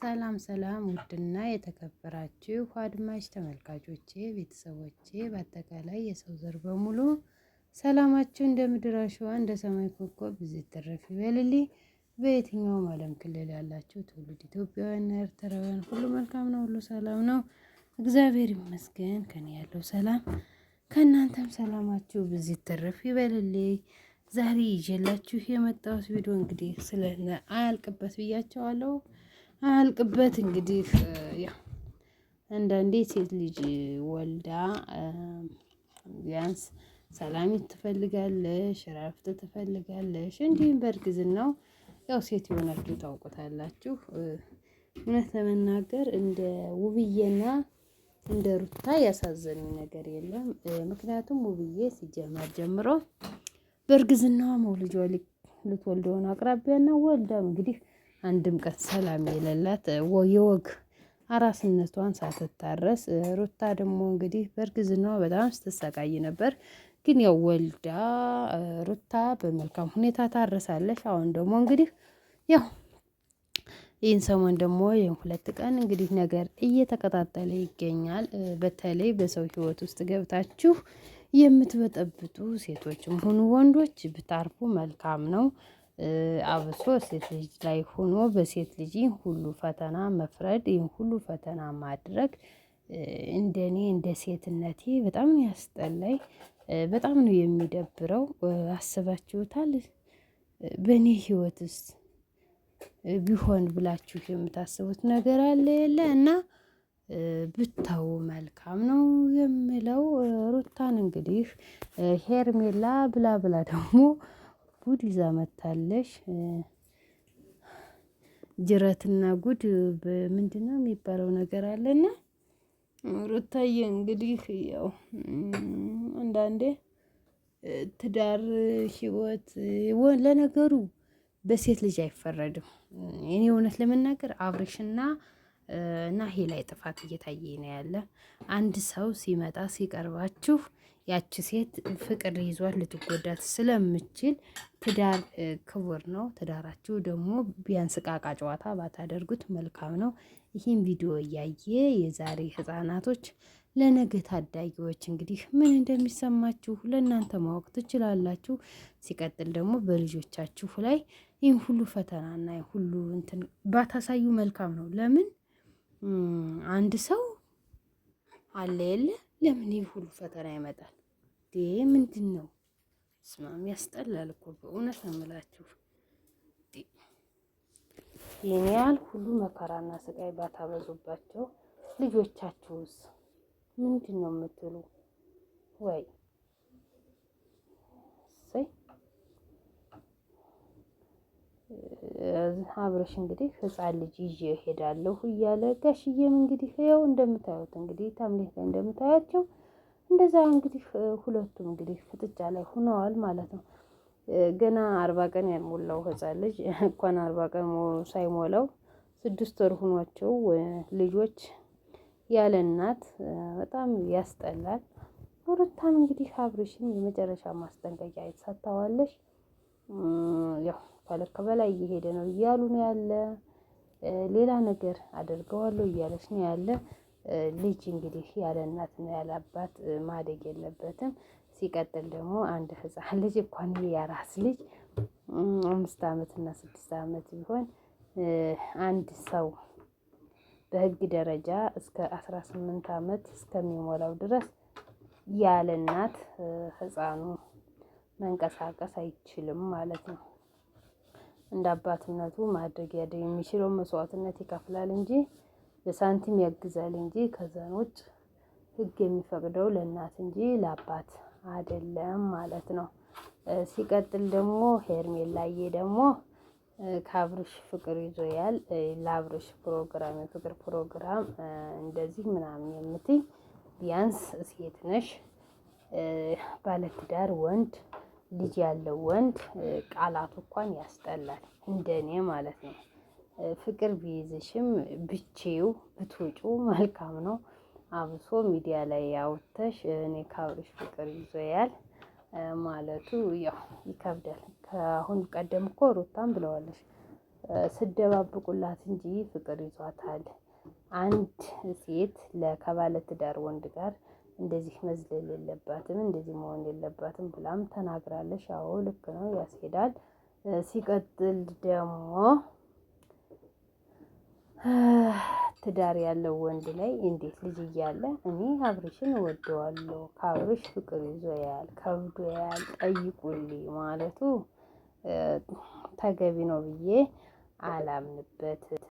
ሰላም ሰላም ውድና የተከበራችሁ አድማጭ ተመልካቾቼ ቤተሰቦቼ በአጠቃላይ የሰው ዘር በሙሉ ሰላማችሁ እንደ ምድር አሸዋ እንደ ሰማይ ኮከብ ብዙ ይተረፍ ይበልልኝ። በየትኛውም ዓለም ክልል ያላችሁ ትውልድ ኢትዮጵያውያንና ኤርትራውያን ሁሉ መልካም ነው፣ ሁሉ ሰላም ነው። እግዚአብሔር ይመስገን። ከኔ ያለው ሰላም ከእናንተም ሰላማችሁ ብዙ ይተረፍ ይበልልኝ። ዛሬ ይዤላችሁ የመጣሁት ቪዲዮ እንግዲህ ስለ አያልቅበት ብያቸዋለሁ አያልቅበት እንግዲህ ያው አንዳንዴ ሴት ልጅ ወልዳ ቢያንስ ሰላሚት ትፈልጋለሽ፣ ረፍት ትፈልጋለሽ። እንዲሁም በእርግዝናው ያው ሴት የሆናችሁ ታውቁታላችሁ። እውነት ለመናገር እንደ ውብዬና እንደ ሩታ ያሳዘኑ ነገር የለም። ምክንያቱም ውብዬ ሲጀመር ጀምሮ በእርግዝናዋ መውልጇ ልትወልደውን አቅራቢያና ወልዳም እንግዲህ አንድም ቀን ሰላም የሌላት የወግ አራስነቷን ሳትታረስ ሩታ ደግሞ እንግዲህ በእርግዝናዋ በጣም ስትሰቃይ ነበር። ግን ያው ወልዳ ሩታ በመልካም ሁኔታ ታረሳለች። አሁን ደግሞ እንግዲህ ያው ይህን ሰሞን ደግሞ ሁለት ቀን እንግዲህ ነገር እየተቀጣጠለ ይገኛል። በተለይ በሰው ህይወት ውስጥ ገብታችሁ የምትበጠብጡ ሴቶችም ሆኑ ወንዶች ብታርፉ መልካም ነው። አብሶ ሴት ልጅ ላይ ሆኖ በሴት ልጅ ይህን ሁሉ ፈተና መፍረድ ይህን ሁሉ ፈተና ማድረግ እንደኔ እንደ ሴትነቴ በጣም ነው ያስጠላኝ። በጣም ነው የሚደብረው። አስባችሁታል? በእኔ ህይወትስ ቢሆን ብላችሁ የምታስቡት ነገር አለ የለ እና ብታው መልካም ነው የምለው። ሩታን እንግዲህ ሄርሜላ ብላ ብላ ደግሞ ጉድ ይዛ መታለሽ። ጅረትና ጉድ ምንድን ነው የሚባለው ነገር አለና ሩታዬ እንግዲህ ያው አንዳንዴ ትዳር ህይወት ለነገሩ በሴት ልጅ አይፈረድም። እኔ እውነት ለመናገር አብርሽና እና ይሄ ላይ ጥፋት እየታየ ነው ያለ። አንድ ሰው ሲመጣ ሲቀርባችሁ ያቺ ሴት ፍቅር ይዟት ልትጎዳት ስለምችል ትዳር ክቡር ነው። ትዳራችሁ ደግሞ ቢያንስ ቃቃ ጨዋታ ባታደርጉት መልካም ነው። ይህን ቪዲዮ እያየ የዛሬ ህጻናቶች ለነገ ታዳጊዎች እንግዲህ ምን እንደሚሰማችሁ ለእናንተ ማወቅ ትችላላችሁ። ሲቀጥል ደግሞ በልጆቻችሁ ላይ ይህን ሁሉ ፈተናና ይህን ሁሉ እንትን ባታሳዩ መልካም ነው። ለምን አንድ ሰው አለ የለ ለምን ይህ ሁሉ ፈተና ይመጣል? ዴ ምንድን ነው? ስማም ያስጠላል እኮ በእውነት እምላችሁ። ይህን ያህል ሁሉ መከራና ስቃይ ባታበዙባቸው ልጆቻችሁስ ምንድን ነው የምትሉ ወይ አብርሽ እንግዲህ ህፃን ልጅ ይዤ እሄዳለሁ እያለ ጋሽዬም እንግዲህ ያው እንደምታዩት እንግዲህ ታምሌት ላይ እንደምታያቸው እንደዛ እንግዲህ ሁለቱም እንግዲህ ፍጥጫ ላይ ሆነዋል ማለት ነው። ገና አርባ ቀን ያልሞላው ህፃን ልጅ እንኳን አርባ ቀን ሳይሞላው ስድስት ወር ሆኗቸው ልጆች ያለ እናት በጣም ያስጠላል። ሩታም እንግዲህ አብርሽን የመጨረሻ ማስጠንቀቂያ ሳታዋለሽ ያው ከልክ በላይ እየሄደ ነው እያሉ ነው ያለ። ሌላ ነገር አደርገዋለሁ እያለች ነው ያለ። ልጅ እንግዲህ ያለ ነው ያለ አባት ማደግ የለበትም። ሲቀጥል ደግሞ አንድ ህፃን ልጅ እንኳን የራስ ልጅ አምስት ዓመትና ስድስት ዓመት ቢሆን አንድ ሰው በህግ ደረጃ እስከ አስራ ስምንት ዓመት እስከሚሞላው ድረስ ያለ እናት ህፃኑ መንቀሳቀስ አይችልም ማለት ነው። እንደ አባትነቱ ማድረግ ያደ የሚችለው መስዋዕትነት ይከፍላል እንጂ በሳንቲም ያግዛል እንጂ ከዛን ውጭ ህግ የሚፈቅደው ለእናት እንጂ ለአባት አይደለም ማለት ነው። ሲቀጥል ደግሞ ሄርሜላዬ ደግሞ ከአብርሽ ፍቅር ይዞያል። ለአብርሽ ፕሮግራም የፍቅር ፕሮግራም እንደዚህ ምናምን የምትይ ቢያንስ ሴት ነሽ ባለትዳር ወንድ ልጅ ያለው ወንድ ቃላቱ እንኳን ያስጠላል፣ እንደኔ ማለት ነው። ፍቅር ቢይዝሽም ብቼው ብትውጩ መልካም ነው። አብሶ ሚዲያ ላይ ያወተሽ እኔ ካብርሽ ፍቅር ይዞያል ማለቱ ያው ይከብዳል። ከአሁን ቀደም እኮ ሩታም ብለዋለች ስደባብቁላት እንጂ ፍቅር ይዟታል። አንድ ሴት ለከባለ ትዳር ወንድ ጋር እንደዚህ መዝለል የለባትም እንደዚህ መሆን የለባትም ብላም ተናግራለች። አዎ ልክ ነው፣ ያስሄዳል። ሲቀጥል ደግሞ ትዳር ያለው ወንድ ላይ እንዴት ልጅ እያለ እኔ አብርሽን እወደዋለሁ ከአብርሽ ፍቅር ይዞ ያያል ከብዶ ያል ጠይቁልኝ ማለቱ ተገቢ ነው ብዬ አላምንበት